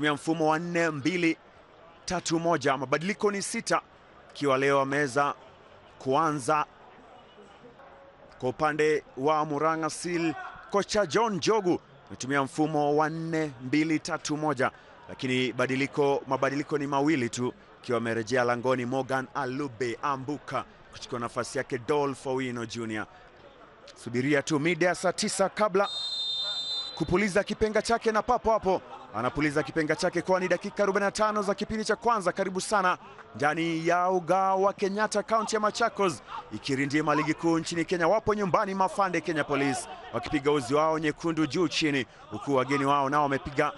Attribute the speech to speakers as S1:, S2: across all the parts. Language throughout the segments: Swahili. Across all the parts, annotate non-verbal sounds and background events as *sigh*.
S1: wanatumia mfumo wa nne Mabadiliko ni sita, ikiwa leo ameweza kuanza kwa upande wa Murang'a Seal. Kocha John jogu ametumia mfumo wa 4231 lakini badiliko mabadiliko ni mawili tu, ikiwa amerejea langoni Morgan Alube Ambuka kuchukua nafasi yake Dolfo Wino Jr. Subiria tu mida ya saa tisa kabla kupuliza kipenga chake na papo hapo anapuliza kipenga chake, kwani dakika 45 za kipindi cha kwanza karibu sana ndani ya uga wa Kenyatta kaunti ya Machakos, ikirindima ligi kuu nchini Kenya. Wapo nyumbani Mafande Kenya Police wakipiga uzi wao nyekundu juu chini, huku wageni wao nao wamepiga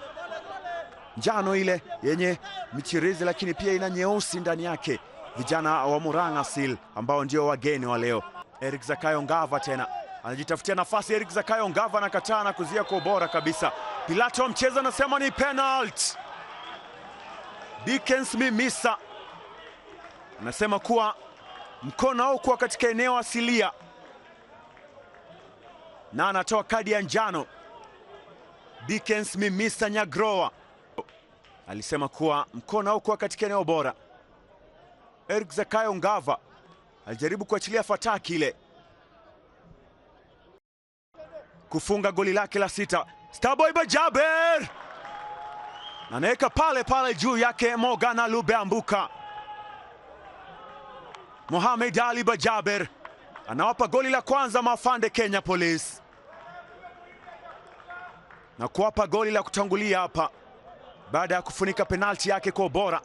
S1: njano ile yenye michirizi lakini pia ina nyeusi ndani yake, vijana wa Murang'a Seal ambao ndio wageni wa leo. Eric Zakayo Ngava tena anajitafutia nafasi. Eric Zakayo Ngava anakataa na kuzia kwa ubora kabisa. Pilato mchezo anasema ni penalt Dickens Mimisa anasema kuwa mkono kuwa katika eneo asilia, na anatoa kadi ya njano. Dickens Mimisa Nyagroa alisema kuwa mkono kuwa katika eneo bora. Eric Zakayo Ngava alijaribu kuachilia fataki ile kufunga goli lake la sita. Starboy Bajaber anaweka pale pale juu yake Mogana Alube ambuka. Mohamed Ali Bajaber anawapa goli la kwanza Mafande Kenya Police na kuwapa goli la kutangulia hapa baada ya kufunika penalti yake kwa ubora,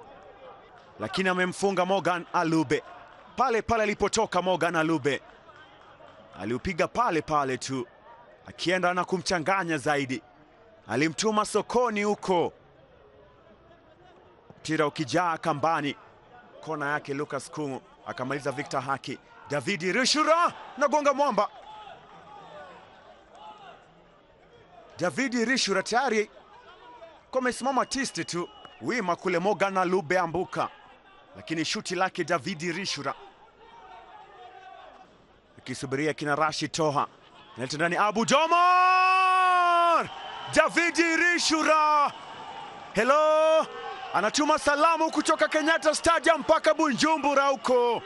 S1: lakini amemfunga Morgan Alube pale pale alipotoka. Morgan Alube aliupiga pale pale tu akienda na kumchanganya zaidi, alimtuma sokoni huko, mpira ukijaa kambani, kona yake Lucas Kungu akamaliza. Victor Haki, Davidi Rishura nagonga mwamba. Davidi Rishura tayari kwamesimama tisti tu wima kule, Mogana Lube ambuka, lakini shuti lake Davidi Rishura ikisubiria kina Rashi Toha Nelson ndani, Abu Jomar, davidi Rishura, hello, anatuma salamu kutoka Kenyatta Stadium mpaka Bunjumbura huko.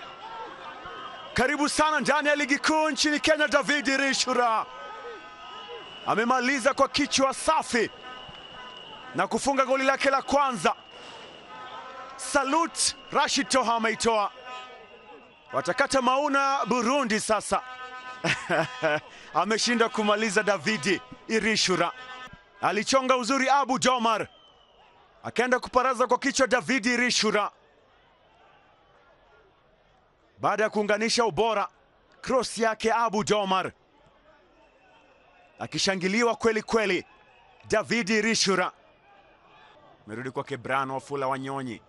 S1: Karibu sana ndani ya ligi kuu nchini Kenya. Davidi Rishura amemaliza kwa kichwa safi na kufunga goli lake la kwanza. Salut Rashid Toha ameitoa, watakata mauna Burundi sasa. *laughs* ameshinda kumaliza Davidi Irishura, alichonga uzuri Abu Jomar, akaenda kuparaza kwa kichwa Davidi Irishura baada ya kuunganisha ubora cross yake Abu Jomar, akishangiliwa kweli kweli. Davidi irishura merudi kwa Kebrano Wafula Wanyonyi,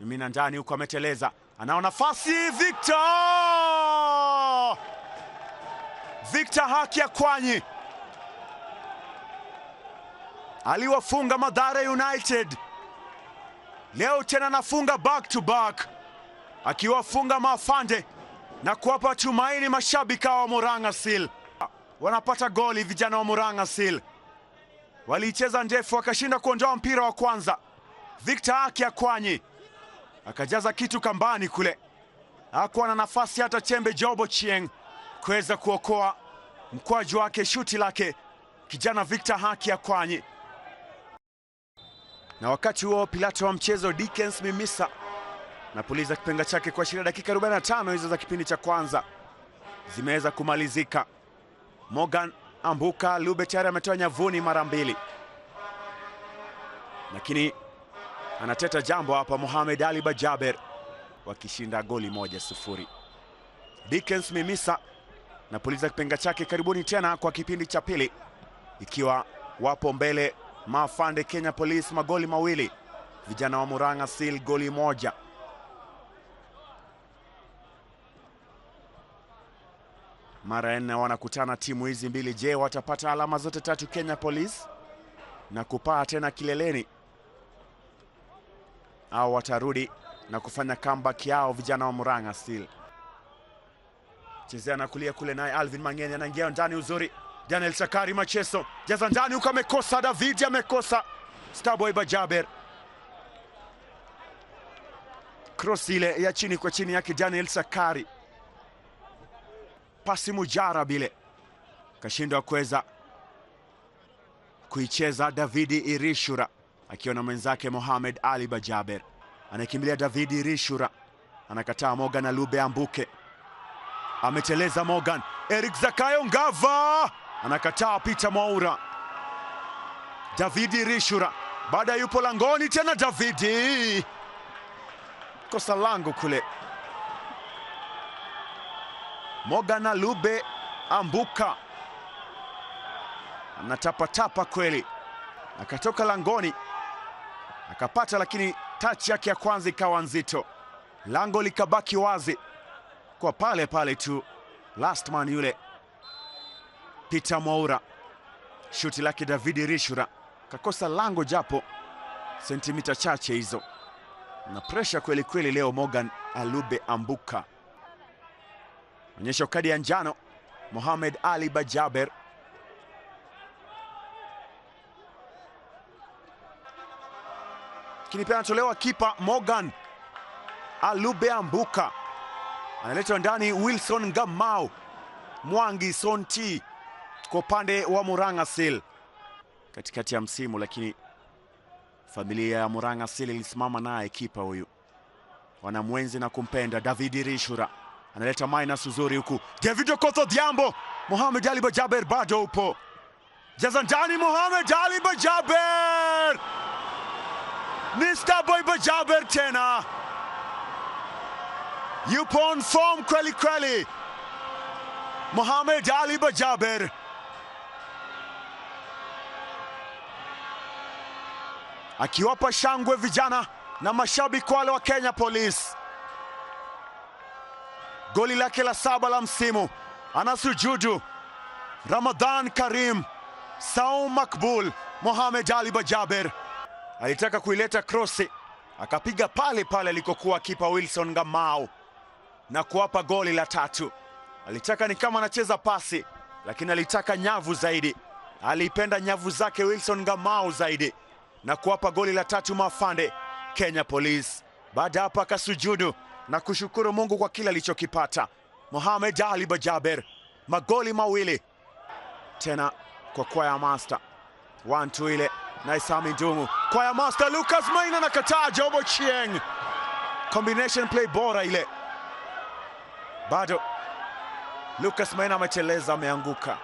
S1: mimi na ndani huko, ameteleza, anao nafasi Victor Victor Haki aliwafunga madhare United, leo tena anafunga back to back, akiwafunga Mafande na kuwapa tumaini mashabika wa Murang'a Seal. Wanapata goli vijana wa Murang'a Seal, waliicheza ndefu wakashinda kuondoa mpira wa kwanza. Victor Haki Akwanyi akajaza kitu kambani kule, hakuwa na nafasi hata chembe. Jobo Chieng kuweza kuokoa mkwaju wake shuti lake kijana Victor Haki Akwanyi. Na wakati huo Pilato wa mchezo Dickens Mimisa napuliza kipenga chake kuashiria dakika 45 hizo za kipindi cha kwanza zimeweza kumalizika. Morgan Ambuka Lube tayari ametoa nyavuni mara mbili, lakini anateta jambo hapa Mohamed Ali Bajaber wakishinda goli moja sufuri. Dickens Mimisa napuliza kipenga chake. Karibuni tena kwa kipindi cha pili, ikiwa wapo mbele Mafande Kenya Police magoli mawili, vijana wa Murang'a Seal goli moja. Mara ya nne wanakutana timu hizi mbili. Je, watapata alama zote tatu Kenya Police na kupaa tena kileleni au watarudi na kufanya comeback yao vijana wa Murang'a Seal? chezea na kulia kule, naye Alvin Mangeni anaingia ndani uzuri. Daniel Sakari Macheso jaza ndani huko, amekosa. Davidi amekosa. Starboy Bajaber cross ile ya chini kwa chini yake Daniel Sakari, pasi mujara bile kashindwa kuweza kuicheza. Davidi Irishura akiwa na mwenzake Mohamed Ali Bajaber, anakimbilia Davidi Irishura, anakataa moga na lube ambuke Ameteleza Morgan. Eric Zakayo Ngava anakataa Peter Mwaura. Davidi Rishura baada yupo langoni tena, Davidi kosa lango kule. Morgan Alube ambuka, anatapatapa kweli, akatoka langoni akapata, lakini tachi yake ya kwanza ikawa nzito, lango likabaki wazi kwa pale pale tu last man yule Peter Mwaura, shuti lake david Rishura kakosa lango japo sentimita chache hizo, na presha kweli kweli leo. Morgan Alube Ambuka, onyesho kadi ya njano Mohamed Ali Bajaber lakini pia anatolewa kipa Morgan Alube Ambuka analetwa ndani Wilson Gamau, Mwangi Sonti kwa upande wa Murang'a sil katikati ya msimu, lakini familia ya Murang'a sil ilisimama naye. Kipa huyu wanamwenzi na kumpenda. David Rishura analeta minus uzuri huku, David Okoth Odhiambo, Mohamed Ali Bajaber bado upo, jaza ndani Mohamed Ali Bajaber, ni Starboy Bajaber tena Yupon from kweli kweli. Mohamed Ali Bajaber. Akiwapa shangwe vijana na mashabiki wale wa Kenya Police. Goli lake la saba la msimu anasujudu Ramadhan Karim, Saum Makbul. Mohamed Ali Bajaber alitaka kuileta krosi, akapiga pale pale alikokuwa kipa Wilson Ngamau na kuwapa goli la tatu. Alitaka ni kama anacheza pasi, lakini alitaka nyavu zaidi. Aliipenda nyavu zake Wilson Ngamau zaidi na kuwapa goli la tatu Mafande Kenya Police. Baada hapo akasujudu na kushukuru Mungu kwa kila alichokipata. Mohamed Ali Bajaber magoli mawili tena kwa Kwaya Master two ile nice ami Dungu. Kwaya Master Lucas Maina na kataa Jobo Chieng, combination play bora ile bado Lucas Maina amecheleza, ameanguka.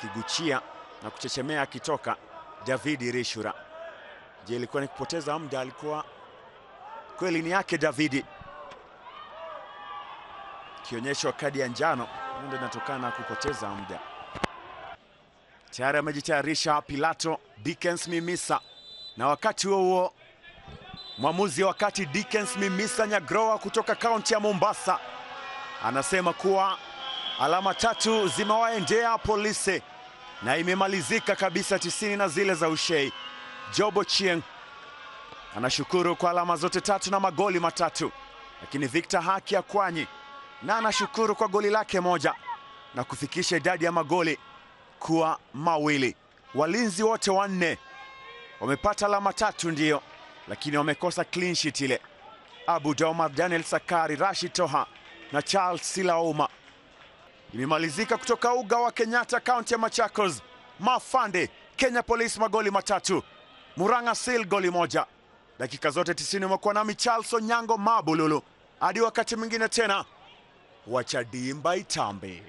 S1: Kiguchia na kuchechemea akitoka Davidi Rishura. Je, ilikuwa ni kupoteza muda? Alikuwa kweli ni yake Davidi, kionyeshwa kadi ya njano, ndio inatokana kupoteza muda. Tayari amejitayarisha Pilato Dickens Mimisa, na wakati huo huo Mwamuzi wa kati Dickens Mimisa Nyagroa kutoka kaunti ya Mombasa anasema kuwa alama tatu zimewaendea Polisi na imemalizika kabisa tisini na zile za Ushei. jobo chieng anashukuru kwa alama zote tatu na magoli matatu, lakini Victor Haki Akwanyi na anashukuru kwa goli lake moja na kufikisha idadi ya magoli kuwa mawili. Walinzi wote wanne wamepata alama tatu, ndiyo lakini wamekosa clean sheet ile. Abu Domar, Daniel Sakari, Rashid Toha na Charles Silauma. Imemalizika kutoka uga wa Kenyatta, kaunti ya Machakos. Mafande Kenya Police magoli matatu, Murang'a Seal goli moja. Dakika zote 90 umekuwa nami Charles Onyango Mabululu, hadi wakati mwingine tena, wacha dimba itambe.